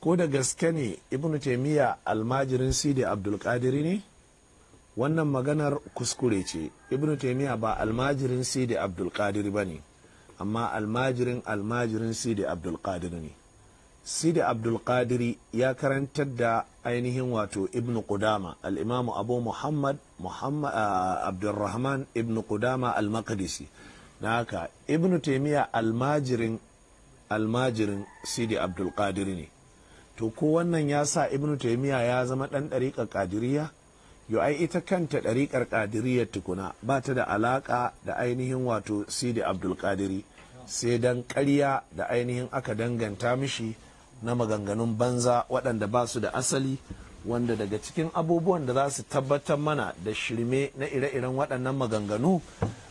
ko da gaske ne ibnu taimiyya almajirin sidi abdulkadiri ne wannan maganar kuskure ce ibnu taimiyya ba almajirin sidi abdulkadiri ba ne amma almajirin almajirin sidi abdulkadiri ne sidi abdulkadiri ya karantar da ainihin wato ibn kudama al'imamu abu muhammad muhammad ah, abdulrahman ibn kudama al-maqdisi na haka ibn taimiyya almajirin almajirin sidi abdulkadiri ne to ko wannan ya sa ibnu taimiya ya zama ɗan ɗariƙar ƙadiriya yo ai ita kanta ɗariƙar ƙadiriyar tukuna ba ta da alaƙa da ainihin wato sidi abdulkadiri sai dan ƙarya da ainihin aka danganta mishi na maganganun banza waɗanda ba su da asali wanda daga cikin abubuwan da za su tabbatar mana da shirme na ire-iren waɗannan maganganu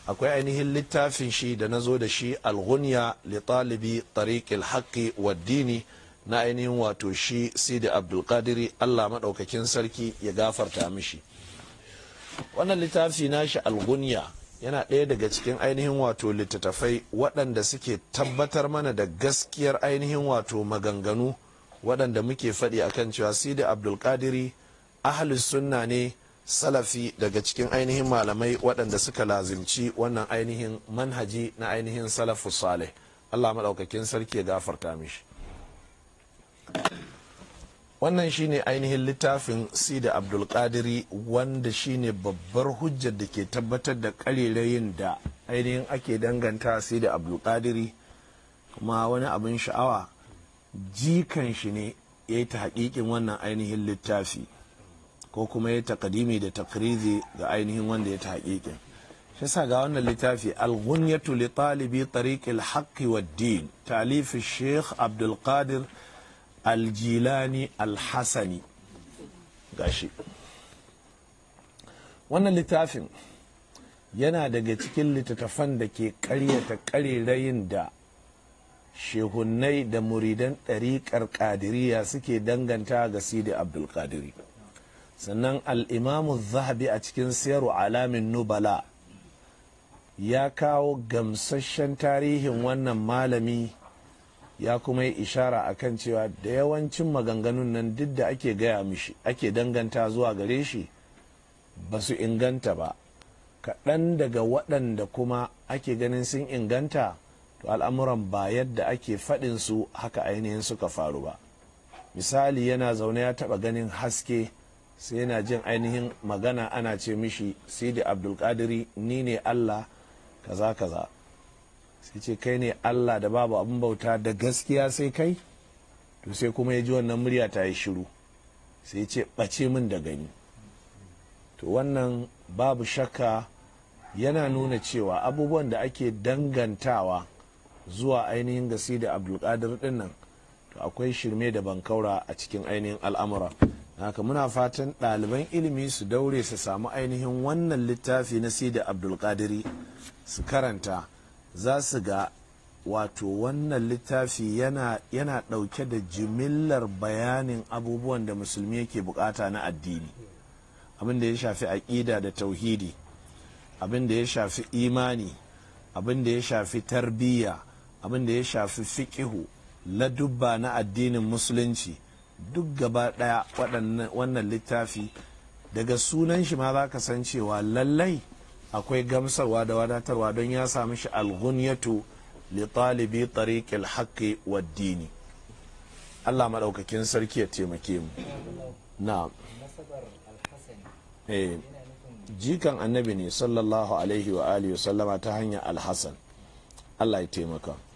akwai ainihin littafin shi da na zo da shi alhuniya li talibi tariqil haqqi wa dini na ainihin wato shi sidi abdulkadiri allah maɗaukakin sarki ya gafarta mishi wannan littafi nashi algunya yana ɗaya daga cikin ainihin wato littattafai waɗanda suke tabbatar mana da gaskiyar ainihin wato maganganu waɗanda muke faɗi akan cewa sidi abdulkadiri ahalus sunna ne salafi daga cikin ainihin malamai waɗanda suka lazimci wannan ainihin manhaji na ainihin salafu saleh allah maɗaukakin sarki ya gafarta mishi wannan shine ainihin littafin sida abdulkadiri wanda shine babbar hujjar da ke tabbatar da karerayin da ainihin ake danganta sida abdulkadiri kuma wani abin sha'awa jikan shi ne ya yi ta hakikin wannan ainihin littafi ko kuma ya takadimi da takrizi ga ainihin wanda ya ta hakikin shi sa ga wannan littafi alhunyatu li talibi tariqil haqqi wad-din talif sheikh abdulkadir aljilani alhassani gashi wannan littafin yana daga cikin littattafan da ke karyata karerayin da shehunai da muridan ɗariƙar ƙadiriya suke danganta ga sidi abdulkadiri sannan al'imamu zahabi a cikin siyarwa alamin nubala ya kawo gamsashen tarihin wannan malami ya kuma yi ishara a kan cewa da yawancin maganganun nan duk da ake gaya mishi ake danganta zuwa gare shi ba su inganta ba kaɗan daga waɗanda kuma ake ganin sun inganta to al'amuran ba yadda ake faɗin su haka ainihin suka faru ba misali yana zaune ya taɓa ganin haske sai yana jin ainihin magana ana ce mishi sidi abdulkadiri ni ne allah kaza kaza sai ce kai ne allah da babu abin bauta da gaskiya sai kai to sai kuma ya ji wannan murya ta yi shiru sai ce ɓace min da gani to wannan babu shakka yana nuna cewa abubuwan da ake dangantawa zuwa ainihin gasi da abdulkadir dinnan to akwai shirme da bankaura a cikin ainihin al'amura haka muna fatan ɗaliban ilimi su daure su samu ainihin wannan littafi na sida abdulkadiri su karanta za su ga wato wannan littafi yana yana ɗauke da jimillar bayanin abubuwan da musulmi yake bukata na addini abin da ya shafi aƙida da tauhidi abin da ya shafi imani abin da ya shafi tarbiyya abin da ya shafi fiƙihu ladubba na addinin musulunci duk gaba ɗaya wannan littafi daga sunan shi ma za ka san cewa lallai akwai gamsarwa da wadatarwa don ya sami shi algunyatu li talibi tariqil haqqi waddini dini Allah maɗaukakin sarki ya taimake mu na eh, jikan annabi ne sallallahu alaihi wa alihi sallama ta hanyar alhassan Allah ya taimaka